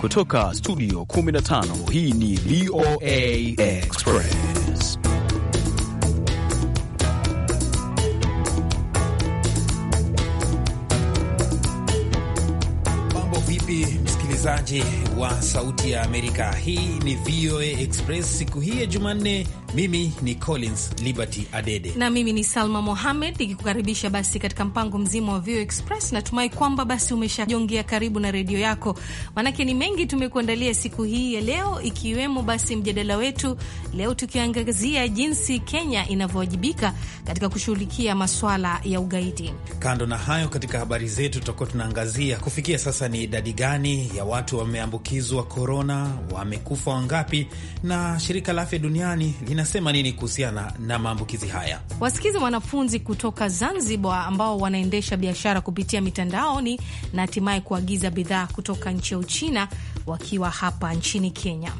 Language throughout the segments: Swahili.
Kutoka studio 15 hii ni VOA Express. Mambo vipi, msikilizaji wa Sauti ya Amerika? Hii ni VOA Express siku hii ya Jumanne mimi ni Collins Liberty Adede na mimi ni Salma Mohamed ikikukaribisha basi katika mpango mzima wa Vio Express. Natumai kwamba basi umeshajongea karibu na redio yako, manake ni mengi tumekuandalia siku hii ya leo, ikiwemo basi mjadala wetu leo tukiangazia jinsi Kenya inavyowajibika katika kushughulikia maswala ya ugaidi. Kando na hayo, katika habari zetu tutakuwa tunaangazia kufikia sasa ni idadi gani ya watu wameambukizwa korona, wamekufa wangapi, na shirika la afya duniani inasema nini kuhusiana na maambukizi haya? Wasikize wanafunzi kutoka Zanzibar ambao wanaendesha biashara kupitia mitandaoni na hatimaye kuagiza bidhaa kutoka nchi ya Uchina wakiwa hapa nchini Kenya.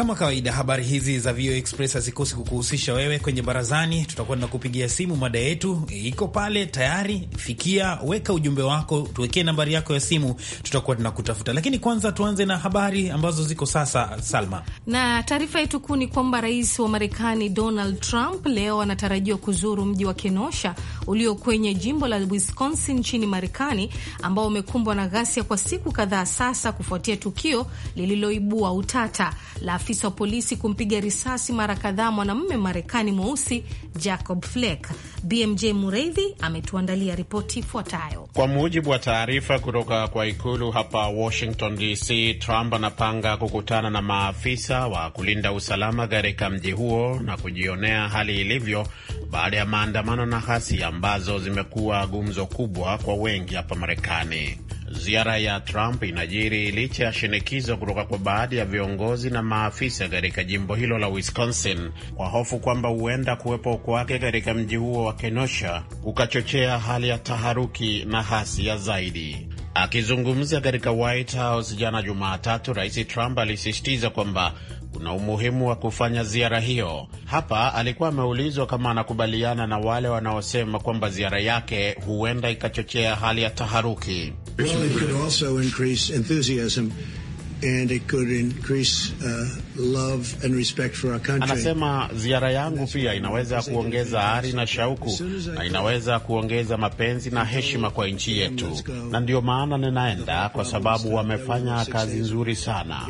Kama kawaida, habari hizi za VOA Express hazikosi kukuhusisha wewe kwenye barazani. Tutakuwa kupigia simu, mada yetu iko pale tayari. Fikia, weka ujumbe wako, tuwekee nambari yako ya simu, tutakuwa tunakutafuta. Lakini kwanza tuanze na habari ambazo ziko sasa, Salma. Na taarifa yetu kuu ni kwamba rais wa Marekani Donald Trump leo anatarajiwa kuzuru mji wa Kenosha ulio kwenye jimbo la Wisconsin nchini Marekani, ambao umekumbwa na ghasia kwa siku kadhaa sasa kufuatia tukio lililoibua utata la afisa wa polisi kumpiga risasi mara kadhaa mwanamume Marekani mweusi Jacob Fleck. BMJ Mureithi ametuandalia ripoti ifuatayo. Kwa mujibu wa taarifa kutoka kwa ikulu hapa Washington DC, Trump anapanga kukutana na maafisa wa kulinda usalama katika mji huo na kujionea hali ilivyo baada ya maandamano na ghasia ambazo zimekuwa gumzo kubwa kwa wengi hapa Marekani. Ziara ya Trump inajiri licha ya shinikizo kutoka kwa baadhi ya viongozi na maafisa katika jimbo hilo la Wisconsin kwa hofu kwamba huenda kuwepo kwake katika mji huo wa Kenosha kukachochea hali ya taharuki na hasia zaidi. Akizungumza katika White House jana Jumatatu, Rais Trump alisisitiza kwamba kuna umuhimu wa kufanya ziara hiyo. Hapa alikuwa ameulizwa kama anakubaliana na wale wanaosema kwamba ziara yake huenda ikachochea hali ya taharuki. Well, it could also increase enthusiasm and it could increase, uh, love and respect for our country. Anasema ziara yangu pia inaweza kuongeza ari na shauku na inaweza kuongeza mapenzi na heshima kwa nchi yetu, na ndio maana ninaenda kwa sababu wamefanya kazi nzuri sana.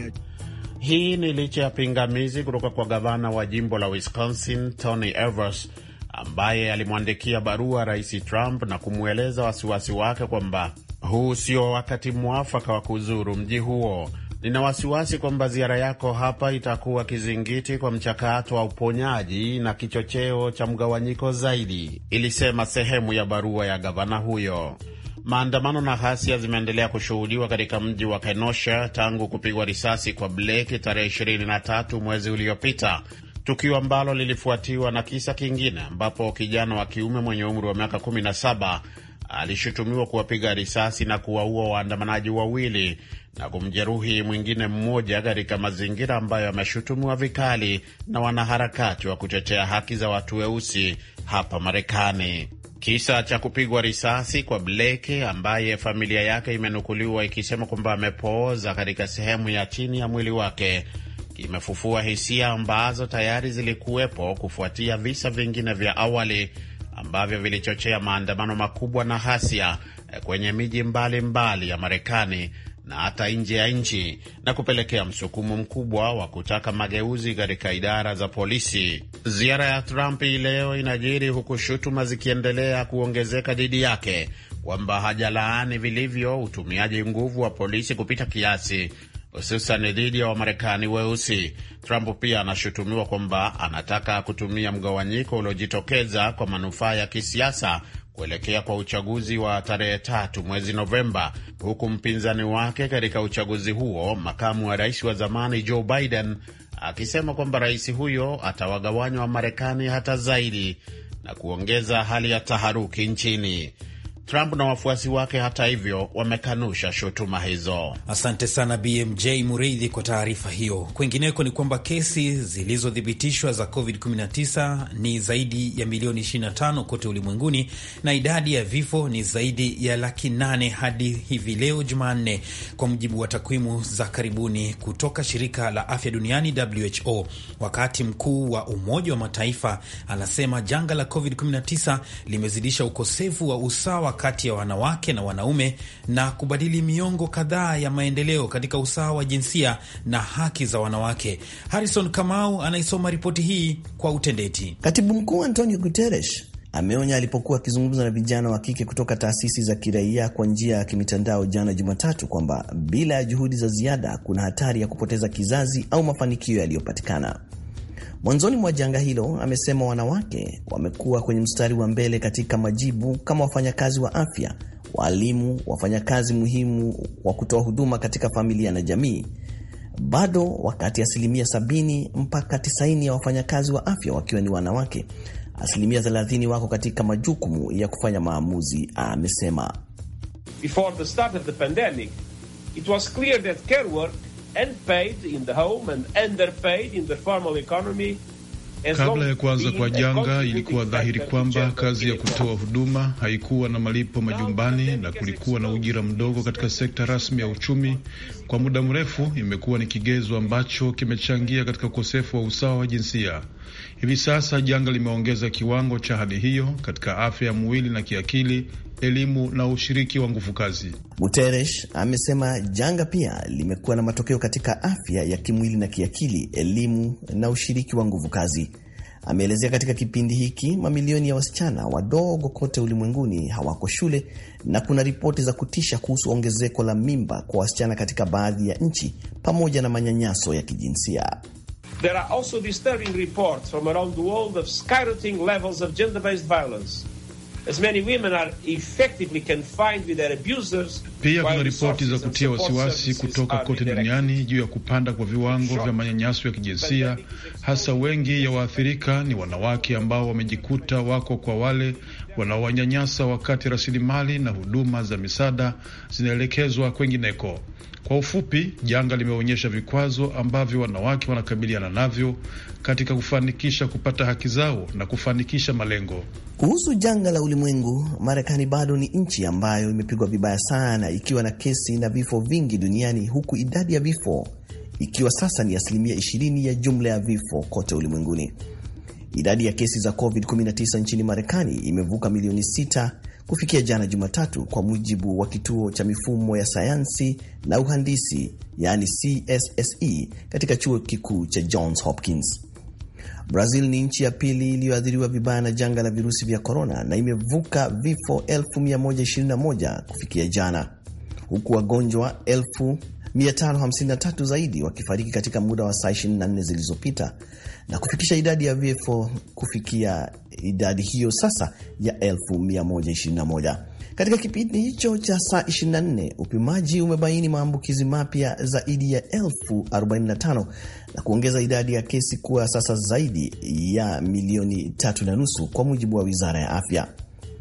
Hii ni licha ya pingamizi kutoka kwa gavana wa jimbo la Wisconsin Tony Evers ambaye alimwandikia barua Rais Trump na kumweleza wasiwasi wake kwamba huu sio wakati mwafaka wa kuzuru mji huo. Nina wasiwasi kwamba ziara yako hapa itakuwa kizingiti kwa mchakato wa uponyaji na kichocheo cha mgawanyiko zaidi, ilisema sehemu ya barua ya gavana huyo. Maandamano na ghasia zimeendelea kushuhudiwa katika mji wa Kenosha tangu kupigwa risasi kwa Blake tarehe 23 mwezi uliopita, tukio ambalo lilifuatiwa na kisa kingine ambapo kijana wa kiume mwenye umri wa miaka 17 alishutumiwa kuwapiga risasi na kuwaua waandamanaji wawili na kumjeruhi mwingine mmoja katika mazingira ambayo yameshutumiwa vikali na wanaharakati wa kutetea haki za watu weusi hapa Marekani. Kisa cha kupigwa risasi kwa Blake ambaye familia yake imenukuliwa ikisema kwamba amepooza katika sehemu ya chini ya mwili wake kimefufua hisia ambazo tayari zilikuwepo kufuatia visa vingine vya awali ambavyo vilichochea maandamano makubwa na ghasia eh, kwenye miji mbalimbali mbali ya Marekani na hata nje ya nchi na kupelekea msukumo mkubwa wa kutaka mageuzi katika idara za polisi. Ziara ya Trump hii leo inajiri huku shutuma zikiendelea kuongezeka dhidi yake kwamba hajalaani vilivyo utumiaji nguvu wa polisi kupita kiasi hususan dhidi ya Wamarekani weusi. Trump pia anashutumiwa kwamba anataka kutumia mgawanyiko uliojitokeza kwa manufaa ya kisiasa kuelekea kwa uchaguzi wa tarehe tatu mwezi Novemba, huku mpinzani wake katika uchaguzi huo, makamu wa rais wa zamani Joe Biden, akisema kwamba rais huyo atawagawanywa Wamarekani hata zaidi na kuongeza hali ya taharuki nchini. Trump na wafuasi wake, hata hivyo, wamekanusha shutuma hizo. Asante sana BMJ Muridhi kwa taarifa hiyo. Kwingineko ni kwamba kesi zilizothibitishwa za COVID-19 ni zaidi ya milioni 25 kote ulimwenguni na idadi ya vifo ni zaidi ya laki nane hadi hivi leo Jumanne, kwa mujibu wa takwimu za karibuni kutoka shirika la afya duniani WHO. Wakati mkuu wa Umoja wa Mataifa anasema janga la COVID-19 limezidisha ukosefu wa usawa kati ya wanawake na wanaume na kubadili miongo kadhaa ya maendeleo katika usawa wa jinsia na haki za wanawake. Harrison Kamau anaisoma ripoti hii kwa utendeti. Katibu Mkuu Antonio Guterres ameonya alipokuwa akizungumza na vijana wa kike kutoka taasisi za kiraia kwa njia ya kimitandao jana Jumatatu kwamba bila ya juhudi za ziada kuna hatari ya kupoteza kizazi au mafanikio yaliyopatikana. Mwanzoni mwa janga hilo, amesema wanawake wamekuwa kwenye mstari wa mbele katika majibu kama wafanyakazi wa afya, waalimu, wafanyakazi muhimu wa kutoa huduma katika familia na jamii. Bado wakati asilimia 70 mpaka 90 ya wafanyakazi wa afya wakiwa ni wanawake, asilimia 30 wako katika majukumu ya kufanya maamuzi, amesema. Before the start of the pandemic, it was clear that care work Unpaid in the home and underpaid in the formal economy. Kabla ya kuanza kwa janga, ilikuwa dhahiri kwamba kazi ya kutoa huduma haikuwa na malipo majumbani na kulikuwa na ujira mdogo katika sekta rasmi ya uchumi kwa muda mrefu imekuwa ni kigezo ambacho kimechangia katika ukosefu wa usawa wa jinsia. Hivi sasa janga limeongeza kiwango cha hali hiyo katika afya ya mwili na kiakili, elimu na ushiriki wa nguvu kazi. Guterres amesema janga pia limekuwa na matokeo katika afya ya kimwili na kiakili, elimu na ushiriki wa nguvu kazi. Ameelezea katika kipindi hiki mamilioni ya wasichana wadogo kote ulimwenguni hawako shule na kuna ripoti za kutisha kuhusu ongezeko la mimba kwa wasichana katika baadhi ya nchi pamoja na manyanyaso ya kijinsia. There are also disturbing reports from around the world of skyrocketing levels of gender-based violence. Pia kuna ripoti za kutia wasiwasi kutoka kote duniani juu ya kupanda kwa viwango vya manyanyaso ya kijinsia, hasa wengi ya waathirika ni wanawake ambao wamejikuta wako kwa wale wanaowanyanyasa, wakati rasilimali na huduma za misaada zinaelekezwa kwengineko. Kwa ufupi, janga limeonyesha vikwazo ambavyo wanawake wanakabiliana navyo katika kufanikisha kupata haki zao na kufanikisha malengo. Kuhusu janga la ulimwengu, Marekani bado ni nchi ambayo imepigwa vibaya sana, ikiwa na kesi na vifo vingi duniani, huku idadi ya vifo ikiwa sasa ni asilimia 20 ya jumla ya vifo kote ulimwenguni. Idadi ya kesi za COVID-19 nchini Marekani imevuka milioni sita kufikia jana Jumatatu, kwa mujibu wa kituo cha mifumo ya sayansi na uhandisi yaani CSSE katika chuo kikuu cha Johns Hopkins. Brazil ni nchi ya pili iliyoathiriwa vibaya na janga la virusi vya korona na imevuka vifo 1121 kufikia jana, huku wagonjwa 1553 zaidi wakifariki katika muda wa saa 24 zilizopita, na kufikisha idadi ya vifo kufikia idadi hiyo sasa ya 1121. Katika kipindi hicho cha saa 24, upimaji umebaini maambukizi mapya zaidi ya 45 na kuongeza idadi ya kesi kuwa sasa zaidi ya milioni tatu na nusu, kwa mujibu wa wizara ya afya.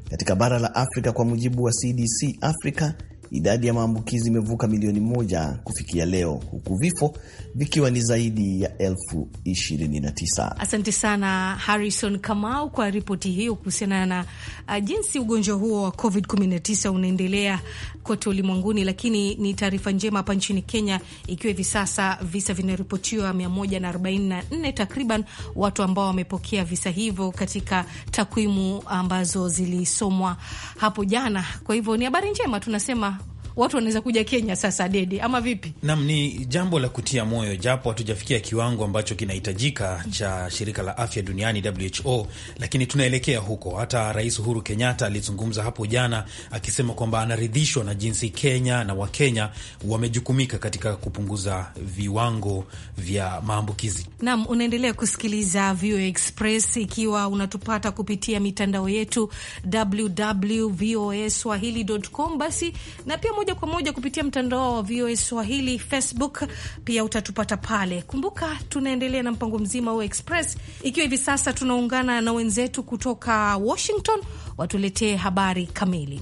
Katika bara la Afrika, kwa mujibu wa CDC Africa, Idadi ya maambukizi imevuka milioni moja kufikia leo, huku vifo vikiwa ni zaidi ya elfu 29. Asante sana Harrison Kamau kwa ripoti hiyo kuhusiana na uh, jinsi ugonjwa huo wa COVID-19 unaendelea kote ulimwenguni. Lakini ni taarifa njema hapa nchini Kenya, ikiwa hivi sasa visa vinaripotiwa 144 takriban, watu ambao wamepokea visa hivyo katika takwimu ambazo zilisomwa hapo jana. Kwa hivyo ni habari njema tunasema watu wanaweza kuja Kenya sasa, Dede, ama vipi? Naam, ni jambo la kutia moyo, japo hatujafikia kiwango ambacho kinahitajika cha shirika la afya duniani WHO, lakini tunaelekea huko. Hata Rais Uhuru Kenyatta alizungumza hapo jana akisema kwamba anaridhishwa na jinsi Kenya na Wakenya wamejukumika katika kupunguza viwango vya maambukizi. Naam, unaendelea kusikiliza VOA Express ikiwa unatupata kupitia mitandao yetu www.voaswahili.com, basi na pia moja kwa moja kupitia mtandao wa VOA Swahili Facebook, pia utatupata pale. Kumbuka tunaendelea na mpango mzima wa Express, ikiwa hivi sasa tunaungana na wenzetu kutoka Washington watuletee habari kamili.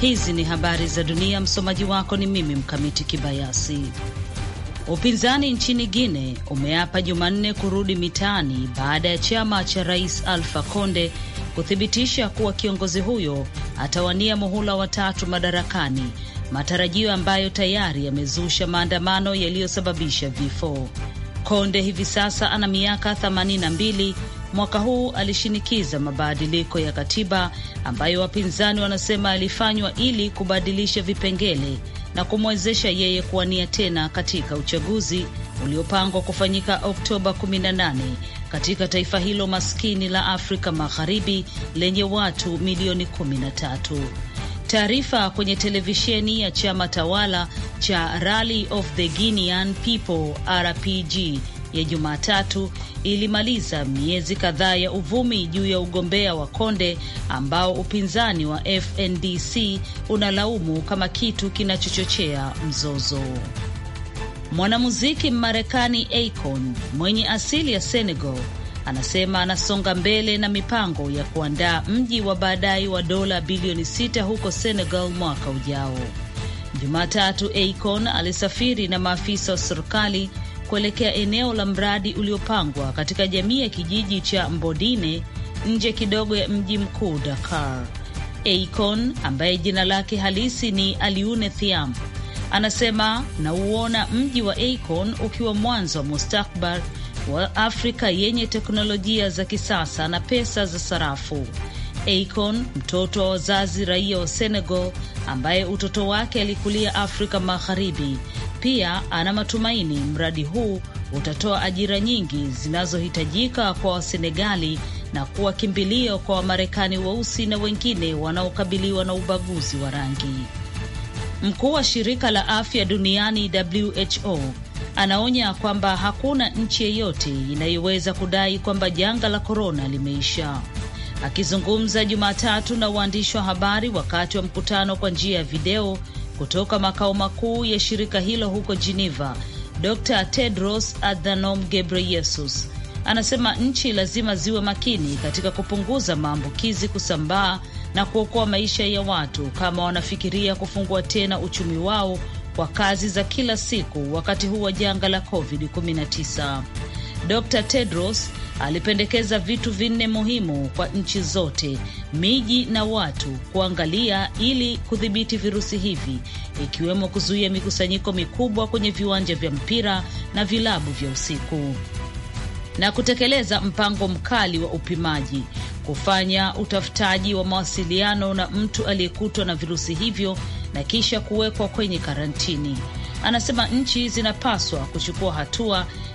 Hizi ni habari za dunia, msomaji wako ni mimi Mkamiti Kibayasi. Upinzani nchini Guine umeapa Jumanne kurudi mitaani baada ya chama cha rais Alfa Conde kuthibitisha kuwa kiongozi huyo atawania muhula watatu madarakani, matarajio ambayo tayari yamezusha maandamano yaliyosababisha vifo. Konde hivi sasa ana miaka 82 mwaka huu alishinikiza mabadiliko ya katiba ambayo wapinzani wanasema yalifanywa ili kubadilisha vipengele na kumwezesha yeye kuwania tena katika uchaguzi uliopangwa kufanyika Oktoba 18 katika taifa hilo maskini la Afrika Magharibi lenye watu milioni 13. Taarifa kwenye televisheni ya chama tawala cha Rally of the Guinean People, RPG ya Jumatatu ilimaliza miezi kadhaa ya uvumi juu ya ugombea wa Konde ambao upinzani wa FNDC unalaumu kama kitu kinachochochea mzozo. Mwanamuziki Mmarekani Akon mwenye asili ya Senegal anasema anasonga mbele na mipango ya kuandaa mji wa baadaye wa dola bilioni sita huko Senegal mwaka ujao. Jumatatu, Akon alisafiri na maafisa wa serikali kuelekea eneo la mradi uliopangwa katika jamii ya kijiji cha Mbodine nje kidogo ya mji mkuu Dakar. Akon ambaye jina lake halisi ni Aliune Thiam anasema nauona mji wa Akon ukiwa mwanzo wa mustakbal wa Afrika yenye teknolojia za kisasa na pesa za sarafu. Akon, mtoto wa wazazi raia wa Senegal ambaye utoto wake alikulia Afrika Magharibi, pia ana matumaini mradi huu utatoa ajira nyingi zinazohitajika kwa Wasenegali na kuwa kimbilio kwa Wamarekani weusi na wengine wanaokabiliwa na ubaguzi wa rangi. Mkuu wa shirika la afya duniani WHO anaonya kwamba hakuna nchi yeyote inayoweza kudai kwamba janga la korona limeisha. Akizungumza Jumatatu na waandishi wa habari wakati wa mkutano kwa njia ya video kutoka makao makuu ya shirika hilo huko Geneva, Dr. Tedros Adhanom Ghebreyesus anasema nchi lazima ziwe makini katika kupunguza maambukizi kusambaa na kuokoa maisha ya watu kama wanafikiria kufungua tena uchumi wao kwa kazi za kila siku wakati huu wa janga la COVID-19. Dr. Tedros alipendekeza vitu vinne muhimu kwa nchi zote, miji na watu kuangalia ili kudhibiti virusi hivi, ikiwemo kuzuia mikusanyiko mikubwa kwenye viwanja vya mpira na vilabu vya usiku na kutekeleza mpango mkali wa upimaji, kufanya utafutaji wa mawasiliano na mtu aliyekutwa na virusi hivyo na kisha kuwekwa kwenye karantini. Anasema nchi zinapaswa kuchukua hatua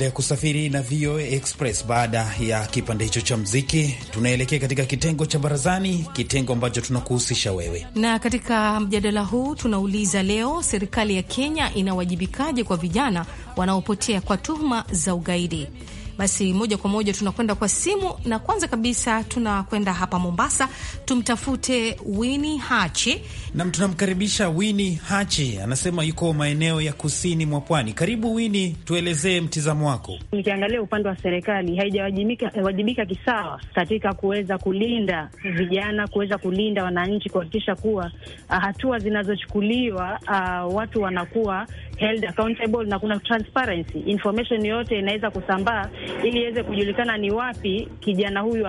Unaendelea kusafiri na VOA Express. Baada ya kipande hicho cha mziki, tunaelekea katika kitengo cha barazani, kitengo ambacho tunakuhusisha wewe. Na katika mjadala huu tunauliza leo, serikali ya Kenya inawajibikaje kwa vijana wanaopotea kwa tuhuma za ugaidi? Basi moja kwa moja tunakwenda kwa simu, na kwanza kabisa tunakwenda hapa Mombasa, tumtafute Wini Hachi nam. Tunamkaribisha Wini Hachi, anasema yuko maeneo ya kusini mwa pwani. Karibu Wini, tuelezee mtizamo wako. Nikiangalia upande wa serikali haijawajibika kisawa katika kuweza kulinda vijana, kuweza kulinda wananchi, kuhakikisha kuwa ah, hatua zinazochukuliwa ah, watu wanakuwa held accountable na kuna transparency, information yote inaweza kusambaa ili iweze kujulikana ni wapi kijana huyu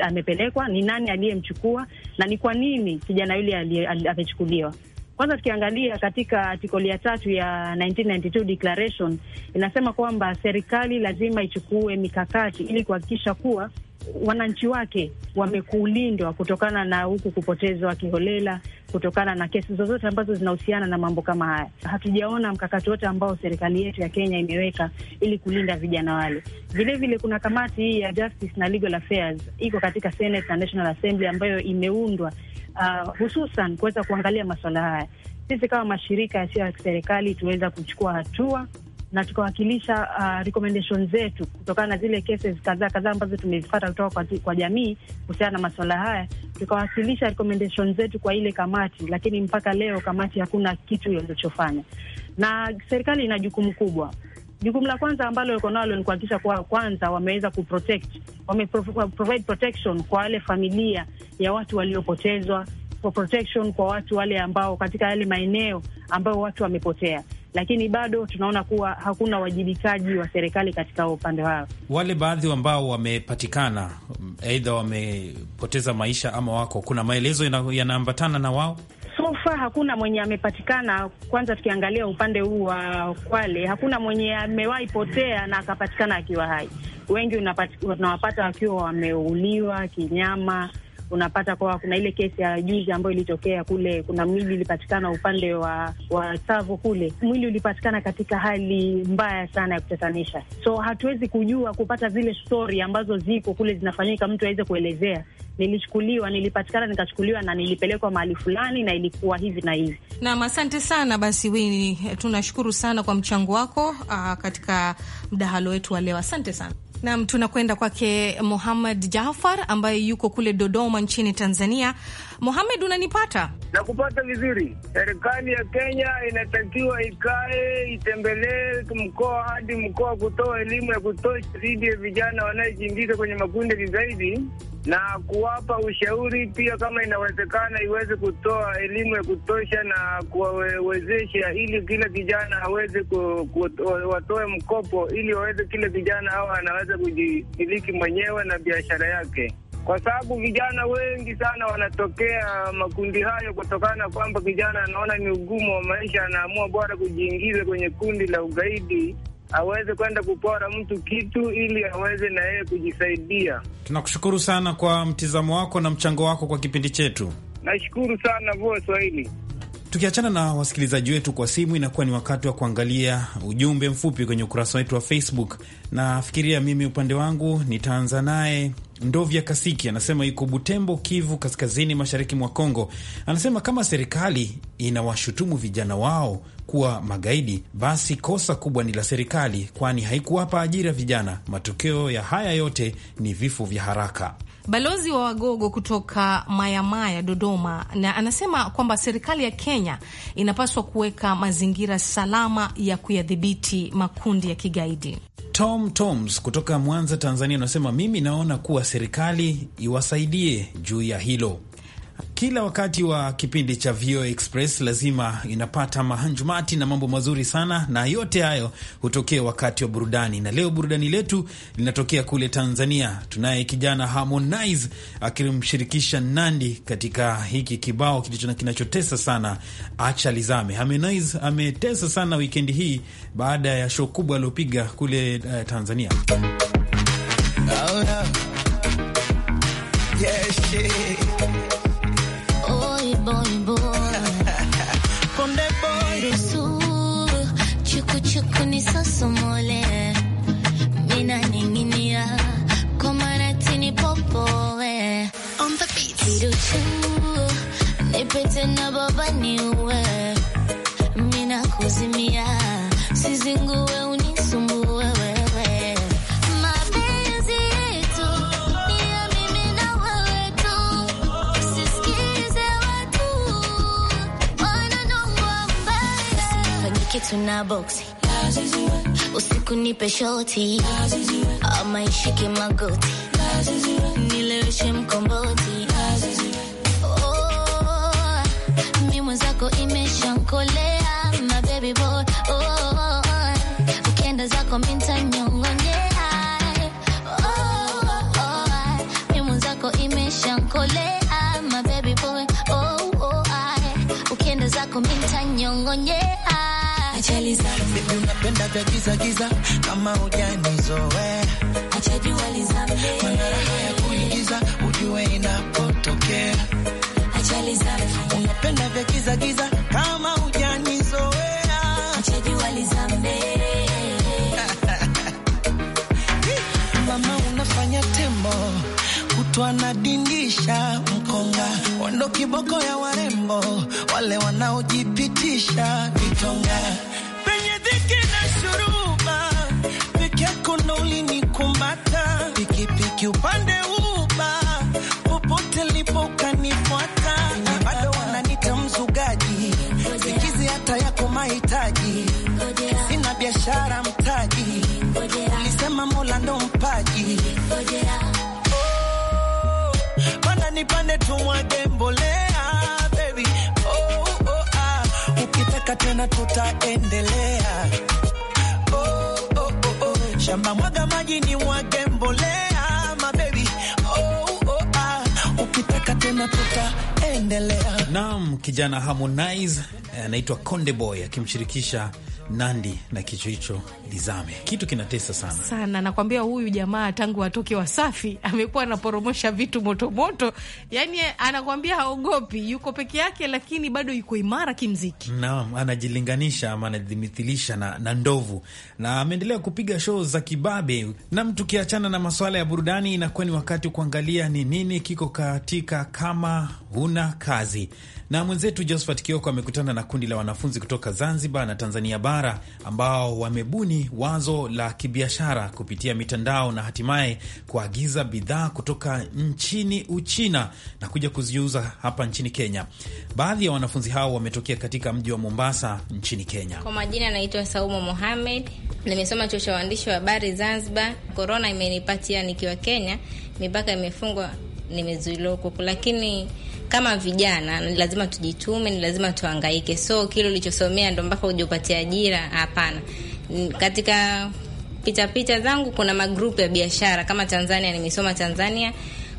amepelekwa, ni nani aliyemchukua na ni kwa nini kijana yule amechukuliwa. Kwanza tukiangalia katika artikoli ya tatu ya 1992 declaration inasema kwamba serikali lazima ichukue mikakati ili kuhakikisha kuwa wananchi wake wamekulindwa kutokana na huku kupotezwa kiholela, kutokana na kesi zozote ambazo zinahusiana na mambo kama haya. Hatujaona mkakati wote ambao serikali yetu ya Kenya imeweka ili kulinda vijana wale. Vilevile kuna kamati hii ya Justice na Legal Affairs iko katika Senate na National Assembly ambayo imeundwa uh, hususan kuweza kuangalia maswala haya. Sisi kama mashirika yasiyo ya kiserikali tuweza kuchukua hatua na tukawakilisha uh, recommendation zetu kutokana na zile cases kadhaa kadhaa ambazo tumezipata kutoka kwa, kwa jamii kuhusiana na masuala haya, tukawasilisha recommendation zetu kwa ile kamati, lakini mpaka leo kamati hakuna kitu ilichofanya, na serikali ina jukumu kubwa. Jukumu la kwanza ambalo liko nalo ni kuhakikisha kwa kwanza wameweza kuprotect, wame provide protection kwa wale familia ya watu waliopotezwa, kwa protection kwa watu wale ambao katika yale maeneo ambayo watu wamepotea lakini bado tunaona kuwa hakuna uwajibikaji wa serikali katika upande wao. Wale baadhi ambao wamepatikana, aidha wamepoteza maisha ama wako, kuna maelezo yanaambatana na wao. sofa hakuna mwenye amepatikana. Kwanza tukiangalia upande huu wa Kwale, hakuna mwenye amewahi potea na akapatikana akiwa hai. Wengi unawapata wakiwa wameuliwa kinyama unapata kwa kuna ile kesi ya juzi ambayo ilitokea kule, kuna mwili ulipatikana upande wa wa Savo kule, mwili ulipatikana katika hali mbaya sana ya kutatanisha. So hatuwezi kujua kupata zile stori ambazo ziko kule zinafanyika mtu aweze kuelezea nilichukuliwa nilipatikana, nikachukuliwa na nilipelekwa mahali fulani, na ilikuwa hivi na hivi. Naam, asante sana. Basi Wini, tunashukuru sana kwa mchango wako aa, ah, katika mdahalo wetu wa leo. Asante sana. Nam, tunakwenda kwake Muhammad Jafar ambaye yuko kule Dodoma nchini Tanzania Mohamed, unanipata na kupata vizuri? Serikali ya Kenya inatakiwa ikae, itembelee mkoa hadi mkoa, kutoa elimu ya kutosha dhidi ya vijana wanayejiingiza kwenye makundi zaidi na kuwapa ushauri pia, kama inawezekana, iweze kutoa elimu ya kutosha na kuwawezesha, ili kila kijana aweze ku, ku, watoe mkopo ili waweze, kila kijana hao anaweza kujimiliki mwenyewe na biashara yake kwa sababu vijana wengi sana wanatokea makundi hayo kutokana na kwamba kijana anaona ni ugumu wa maisha, anaamua bora kujiingiza kwenye kundi la ugaidi aweze kwenda kupora mtu kitu ili aweze na yeye kujisaidia. Tunakushukuru sana kwa mtizamo wako na mchango wako kwa kipindi chetu. Nashukuru sana VOA Swahili. Tukiachana na wasikilizaji wetu kwa simu, inakuwa ni wakati wa kuangalia ujumbe mfupi kwenye ukurasa wetu wa Facebook. Nafikiria mimi upande wangu nitaanza naye Ndovya Kasiki anasema yuko Butembo, Kivu Kaskazini, mashariki mwa Kongo. Anasema kama serikali inawashutumu vijana wao kuwa magaidi, basi kosa kubwa ni la serikali, kwani haikuwapa ajira vijana. Matokeo ya haya yote ni vifo vya haraka. Balozi wa Wagogo kutoka Mayamaya Dodoma, na anasema kwamba serikali ya Kenya inapaswa kuweka mazingira salama ya kuyadhibiti makundi ya kigaidi. Tom Toms kutoka Mwanza, Tanzania, anasema mimi naona kuwa serikali iwasaidie juu ya hilo. Kila wakati wa kipindi cha VOA Express lazima inapata mahanjumati na mambo mazuri sana, na yote hayo hutokea wakati wa burudani. Na leo burudani letu linatokea kule Tanzania. Tunaye kijana Harmonize akimshirikisha Nandi katika hiki kibao kilicho kinachotesa sana, acha lizame. Harmonize ametesa sana wikendi hii baada ya show kubwa aliopiga kule uh, Tanzania. Oh, no. yeah, kiruchu na baba niuwe, mina kuzimia sizinguwe unisumbue wewe tuna usiku nipe shoti amaishike magoti nileweshe mkomboti yako imeshankolea, my baby boy, oh, ukienda zako oh, oh, oh, oh, oh. imeshankolea, my baby boy, oh, ukienda zako unapenda vya giza giza kama wale wanaojipitisha vitonga penye dhiki na shuruba, peke yako na pikipiki upande uba, popote lipo kanifuata, bado wananita mzugaji, sikizi hata yako mahitaji, sina biashara mtaji, ulisema Mola ndo mpaji oh, pana nipande tumwage tena tutaendelea. Oh, oh, oh, oh. Shamba mwaga maji ni mwage mbolea, mabebi oh, oh, ah. Ukitaka tena tutaendelea Naam, kijana Harmonize eh, anaitwa Konde Boy akimshirikisha Nandi na kicho hicho Lizame. Kitu kinatesa sana sana, nakwambia huyu jamaa tangu atoke Wasafi amekuwa anaporomosha vitu motomoto moto. Yani anakwambia haogopi, yuko peke yake, lakini bado yuko imara kimziki. Naam, anajilinganisha ama anajimithilisha na, na ndovu na ameendelea kupiga show za kibabe. Nam, tukiachana na masuala ya burudani, inakuwa ni wakati kuangalia ni nini kiko katika kama huna kazi na mwenzetu Josephat Kioko amekutana na kundi la wanafunzi kutoka Zanzibar na Tanzania bara ambao wamebuni wazo la kibiashara kupitia mitandao na hatimaye kuagiza bidhaa kutoka nchini Uchina na kuja kuziuza hapa nchini Kenya. Baadhi ya wanafunzi hao wametokea katika mji wa Mombasa nchini Kenya. Kwa majina anaitwa Saumu Mohamed, nimesoma chuo cha uandishi wa habari Zanzibar. Korona imenipatia nikiwa Kenya, mipaka imefungwa, nimezuiliwa huko, lakini kama vijana ni lazima tujitume, ni lazima tuhangaike. So kile ulichosomea ndo mpaka ujipatie ajira? Hapana. Katika pita pita zangu kuna magrupu ya biashara kama Tanzania, nimesoma Tanzania,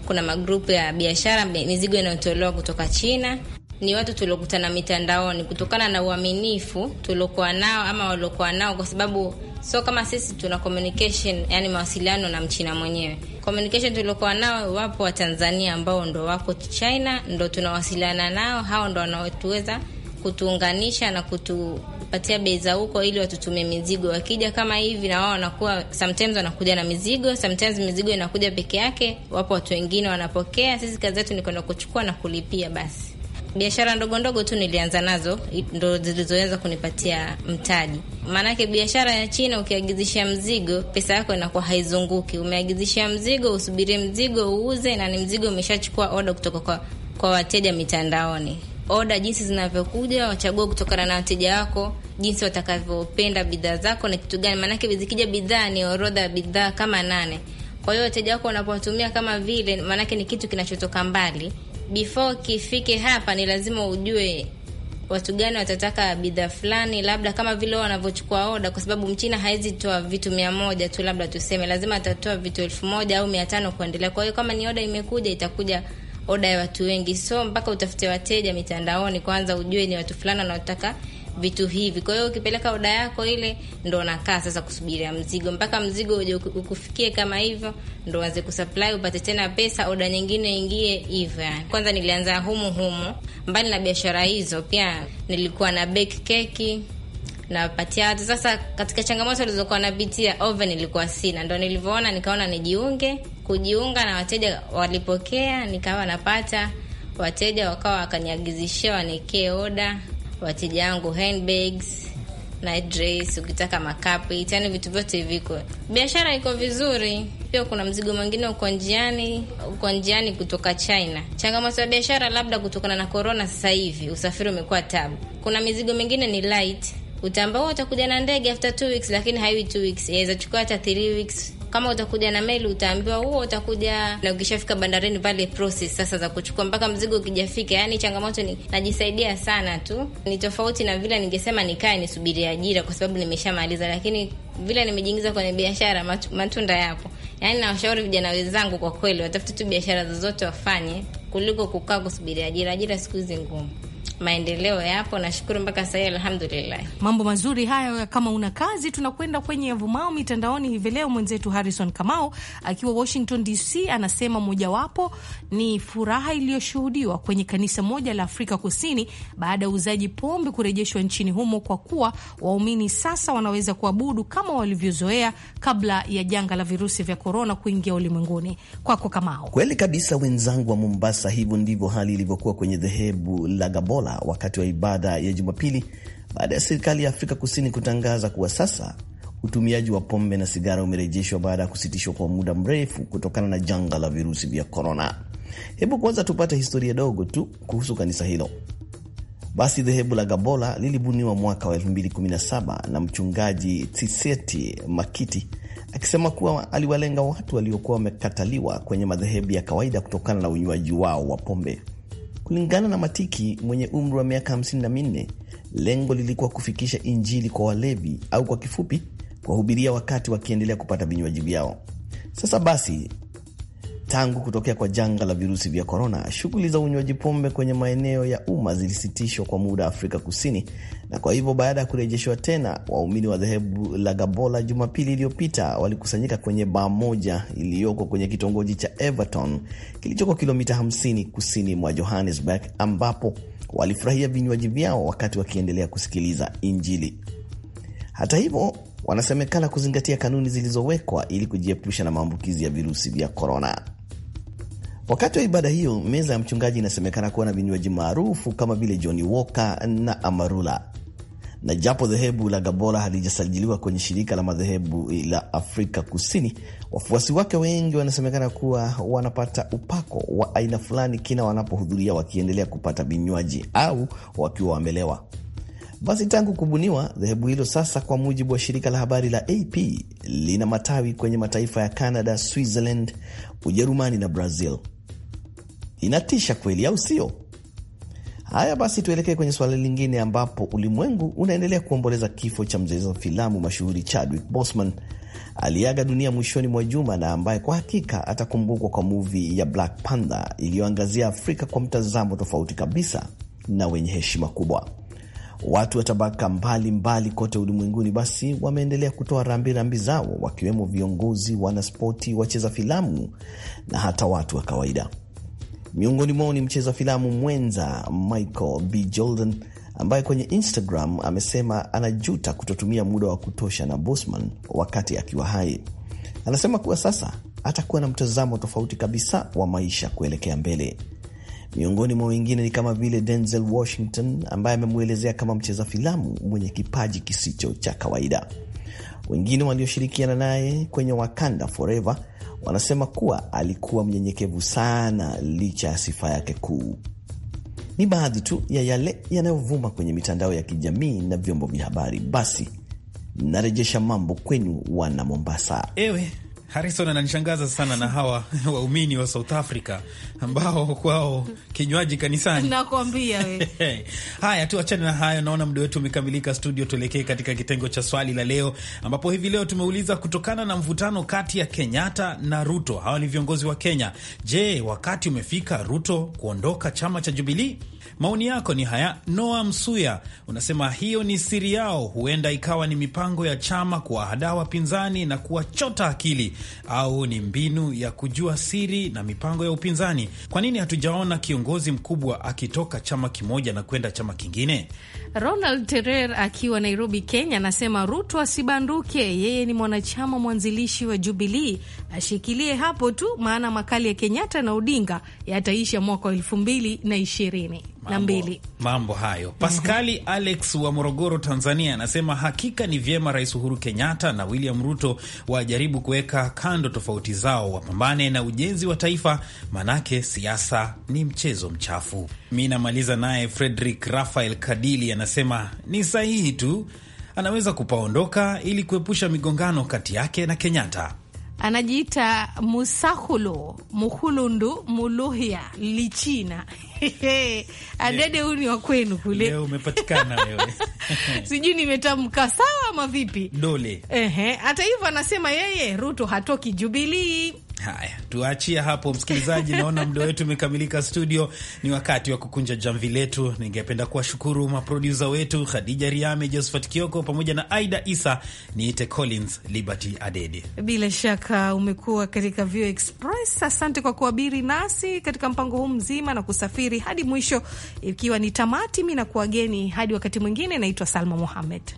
kuna magrupu ya biashara, mizigo inayotolewa kutoka China ni watu tuliokutana mitandaoni kutokana na uaminifu tuliokuwa nao ama waliokuwa nao, kwa sababu sio kama sisi tuna communication, yani mawasiliano na mchina mwenyewe. Communication tuliokuwa nao, wapo wa Tanzania ambao ndo wako China, ndo tunawasiliana nao, hao ndo wanaotuweza kutuunganisha na kutupatia bei za huko, ili watutumie mizigo. Wakija kama hivi, na wao wanakuwa sometimes wanakuja na mizigo, sometimes mizigo inakuja peke yake, wapo watu wengine wanapokea. Sisi kazi yetu ni kwenda kuchukua na kulipia basi biashara ndogo ndogo tu nilianza nazo ndo zilizoweza kunipatia mtaji. Maanake biashara ya China, ukiagizishia mzigo, pesa yako inakuwa haizunguki. Umeagizishia mzigo, usubirie mzigo uuze, na ni mzigo umeshachukua oda kutoka kwa, kwa wateja mitandaoni. Oda jinsi zinavyokuja, wachague kutokana na wateja wako jinsi watakavyopenda bidhaa zako na kitu gani. Maanake zikija bidhaa ni orodha ya bidhaa kama nane. Kwa hiyo wateja wako wanapowatumia kama vile, maanake ni kitu kinachotoka mbali before kifike hapa, ni lazima ujue watu gani watataka bidhaa fulani, labda kama vile wanavyochukua oda, kwa sababu mchina hawezi toa vitu mia moja tu, labda tuseme, lazima atatoa vitu elfu moja au mia tano kuendelea. Kwa hiyo kama ni oda imekuja, itakuja oda ya watu wengi, so mpaka utafute wateja mitandaoni kwanza, ujue ni watu fulani wanaotaka vitu hivi. Kwa hiyo ukipeleka oda yako ile, ndo unakaa sasa kusubiria mzigo mpaka mzigo uje ukufikie. Kama hivyo ndo waanze kusupply, upate tena pesa, oda nyingine ingie, hivyo yani. Kwanza nilianza humu humu, mbali na biashara hizo, pia nilikuwa na bake keki napatia watu. Sasa katika changamoto nilizokuwa napitia, oven ilikuwa sina, ndo nilivyoona nikaona nijiunge. Kujiunga na wateja walipokea, nikawa napata wateja, wakawa wakaniagizishia wanikee oda wateja wangu handbags, night dress, ukitaka makapi, yani vitu vyote viko. Biashara iko vizuri. Pia kuna mzigo mwingine uko njiani, uko njiani kutoka China. Changamoto ya biashara labda kutokana na corona, sasa hivi usafiri umekuwa tabu. Kuna mizigo mingine ni light, utaambao utakuja na ndege after two weeks, lakini haiwi two weeks, yaweza chukua hata three weeks kama utakuja na meli utaambiwa huo utakuja, na ukishafika bandarini pale process sasa za kuchukua mpaka mzigo ukijafika. Yani changamoto ni najisaidia sana tu, ni tofauti na vile ningesema nikae nisubiri ajira kwa sababu nimeshamaliza, lakini vile nimejiingiza kwenye biashara matu, matunda yapo. Yani nawashauri vijana wenzangu kwa kweli watafute tu biashara zozote wafanye kuliko kukaa kusubiri ajira. Ajira siku hizi ngumu maendeleo yapo, nashukuru mpaka sasa hivi alhamdulillah. Mambo mazuri hayo. Kama una kazi, tunakwenda kwenye yavumao mitandaoni hivi leo. Mwenzetu Harrison Kamau akiwa Washington DC anasema mojawapo ni furaha iliyoshuhudiwa kwenye kanisa moja la Afrika Kusini baada ya uuzaji pombe kurejeshwa nchini humo, kwa kuwa waumini sasa wanaweza kuabudu kama walivyozoea kabla ya janga la virusi vya korona kuingia ulimwenguni. Kwako Kamau. Kweli kabisa, wenzangu wa Mombasa, hivyo ndivyo hali ilivyokuwa kwenye dhehebu la Gabola utawala wakati wa ibada ya Jumapili baada ya serikali ya Afrika Kusini kutangaza kuwa sasa utumiaji wa pombe na sigara umerejeshwa baada ya kusitishwa kwa muda mrefu kutokana na janga la virusi vya korona. Hebu kwanza tupate historia dogo tu kuhusu kanisa hilo. Basi dhehebu la Gabola lilibuniwa mwaka wa 2017 na mchungaji Tiseti Makiti akisema kuwa aliwalenga watu waliokuwa wamekataliwa kwenye madhehebu ya kawaida kutokana na unywaji wao wa pombe. Kulingana na Matiki mwenye umri wa miaka 54, lengo lilikuwa kufikisha Injili kwa walevi au kwa kifupi, kuwahubiria wakati wakiendelea kupata vinywaji vyao. Sasa basi, Tangu kutokea kwa janga la virusi vya korona, shughuli za unywaji pombe kwenye maeneo ya umma zilisitishwa kwa muda Afrika Kusini, na kwa hivyo baada ya kurejeshwa tena, waumini wa dhehebu la Gabola Jumapili iliyopita walikusanyika kwenye baa moja iliyoko kwenye kitongoji cha Everton kilichoko kilomita 50 kusini mwa Johannesburg, ambapo walifurahia vinywaji vyao wakati wakiendelea kusikiliza Injili. Hata hivyo wanasemekana kuzingatia kanuni zilizowekwa ili kujiepusha na maambukizi ya virusi vya korona. Wakati wa ibada hiyo, meza ya mchungaji inasemekana kuwa na vinywaji maarufu kama vile Johnny Walker na Amarula. Na japo dhehebu la Gabola halijasajiliwa kwenye shirika la madhehebu la Afrika Kusini, wafuasi wake wengi wanasemekana kuwa wanapata upako wa aina fulani kila wanapohudhuria, wakiendelea kupata vinywaji au wakiwa wamelewa. Basi tangu kubuniwa dhehebu hilo sasa, kwa mujibu wa shirika la habari la AP, lina matawi kwenye mataifa ya Canada, Switzerland, Ujerumani na Brazil. Inatisha kweli, au sio? Haya basi, tuelekee kwenye suala lingine ambapo ulimwengu unaendelea kuomboleza kifo cha mcheza filamu mashuhuri Chadwick Boseman aliyeaga dunia mwishoni mwa juma na ambaye kwa hakika atakumbukwa kwa muvi ya Black Panther iliyoangazia Afrika kwa mtazamo tofauti kabisa na wenye heshima kubwa. Watu wa tabaka mbalimbali kote ulimwenguni basi wameendelea kutoa rambirambi zao, wakiwemo viongozi, wanaspoti, wacheza filamu na hata watu wa kawaida. Miongoni mwao ni mcheza filamu mwenza Michael B Jordan ambaye kwenye Instagram amesema anajuta kutotumia muda wa kutosha na Bosman wakati akiwa hai. Anasema kuwa sasa atakuwa na mtazamo tofauti kabisa wa maisha kuelekea mbele. Miongoni mwa wengine ni kama vile Denzel Washington ambaye amemwelezea kama mcheza filamu mwenye kipaji kisicho cha kawaida. Wengine walioshirikiana naye kwenye Wakanda Forever wanasema kuwa alikuwa mnyenyekevu sana licha ya sifa yake kuu. Ni baadhi tu ya yale yanayovuma kwenye mitandao ya kijamii na vyombo vya habari. Basi narejesha mambo kwenu wana Mombasa. Ewe Harrison ananishangaza sana na hawa waumini wa South Africa ambao kwao kinywaji kanisani nakwambia we. Haya, tuachane na hayo, naona muda wetu umekamilika studio. Tuelekee katika kitengo cha swali la leo, ambapo hivi leo tumeuliza kutokana na mvutano kati ya Kenyatta na Ruto, hawa ni viongozi wa Kenya. Je, wakati umefika Ruto kuondoka chama cha Jubilii? Maoni yako ni haya. Noa Msuya unasema hiyo ni siri yao, huenda ikawa ni mipango ya chama kuwahadaa wapinzani na kuwachota akili au ni mbinu ya kujua siri na mipango ya upinzani? Kwa nini hatujaona kiongozi mkubwa akitoka chama kimoja na kwenda chama kingine? Ronald Terer akiwa Nairobi, Kenya, anasema Ruto asibanduke, yeye ni mwanachama mwanzilishi wa Jubilii, ashikilie hapo tu, maana makali ya Kenyatta na Odinga yataisha mwaka wa elfu mbili na ishirini na mbili. Mambo hayo. Paskali mhm. Alex wa Morogoro, Tanzania, anasema hakika ni vyema Rais Uhuru Kenyatta na William Ruto wajaribu kuweka kando tofauti zao, wapambane na ujenzi wa taifa, manake siasa ni mchezo mchafu. Mi namaliza naye Frederick Rafael Kadili anasema ni sahihi tu, anaweza kupaondoka ili kuepusha migongano kati yake na Kenyatta anajiita Musahulu Muhulundu Muluhya Lichina. Adede huyu ni wa kwenu kule. umepatikana wewe. Sijui nimetamka sawa ama vipi? Dole. Ehe, hata hivyo anasema yeye Ruto hatoki Jubilii Haya, tuachie hapo msikilizaji. Naona muda wetu umekamilika studio, ni wakati wa kukunja jamvi letu. Ningependa kuwashukuru maprodusa wetu Khadija Riame, Josephat Kioko pamoja na Aida Isa. Niite Collins Liberty Adede. Bila shaka umekuwa katika Vio Express. Asante kwa kuabiri nasi katika mpango huu mzima na kusafiri hadi mwisho, ikiwa ni tamati. Mi na kuwageni hadi wakati mwingine. Naitwa Salma muhammed